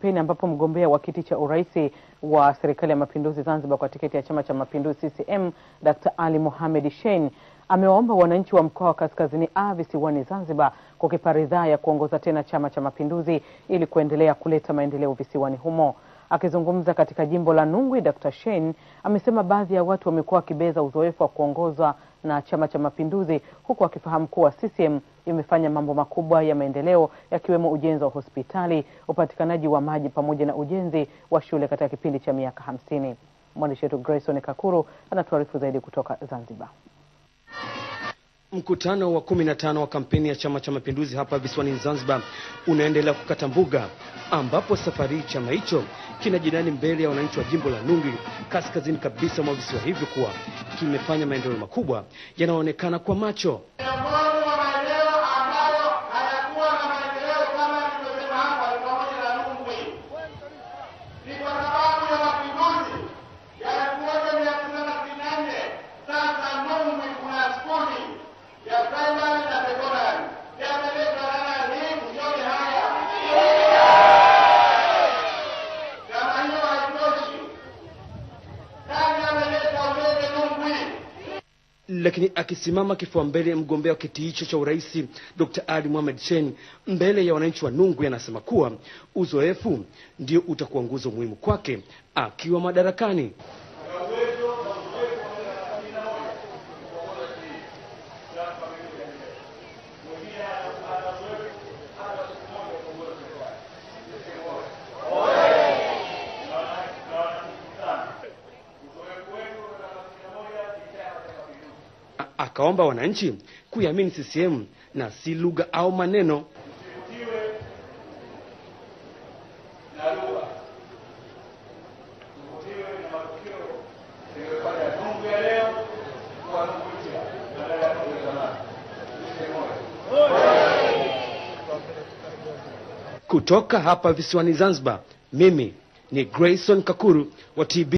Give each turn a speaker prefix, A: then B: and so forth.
A: Kampeni ambapo mgombea wa kiti cha urais wa serikali ya mapinduzi Zanzibar kwa tiketi ya chama cha mapinduzi CCM Dr. Ali Mohamed Shein amewaomba wananchi wa mkoa wa Kaskazini A visiwani Zanzibar kukipa ridhaa ya kuongoza tena chama cha mapinduzi ili kuendelea kuleta maendeleo visiwani humo. Akizungumza katika jimbo la Nungwi, Dr. Shein amesema baadhi ya watu wamekuwa wakibeza uzoefu wa kuongoza na Chama cha Mapinduzi, huku akifahamu kuwa CCM imefanya mambo makubwa ya maendeleo yakiwemo ujenzi wa hospitali, upatikanaji wa maji pamoja na ujenzi wa shule katika kipindi cha miaka hamsini. Mwandishi wetu Grayson Kakuru anatuarifu zaidi kutoka Zanzibar.
B: Mkutano wa kumi na tano wa kampeni ya Chama cha Mapinduzi hapa visiwani Zanzibar unaendelea kukata mbuga, ambapo safari chama hicho kinajinadi mbele ya wananchi wa jimbo la Nungi, kaskazini kabisa mwa visiwa hivyo, kuwa kimefanya maendeleo makubwa yanaonekana kwa macho. lakini akisimama kifua mbele mgombea wa kiti hicho cha urais Dr. Ali Mohamed Shein mbele ya wananchi wa Nungwi anasema kuwa uzoefu ndio utakuwa nguzo muhimu kwake akiwa madarakani. akaomba wananchi kuiamini CCM na si lugha au maneno. Kutoka hapa visiwani Zanzibar, mimi ni Grayson Kakuru wa TB.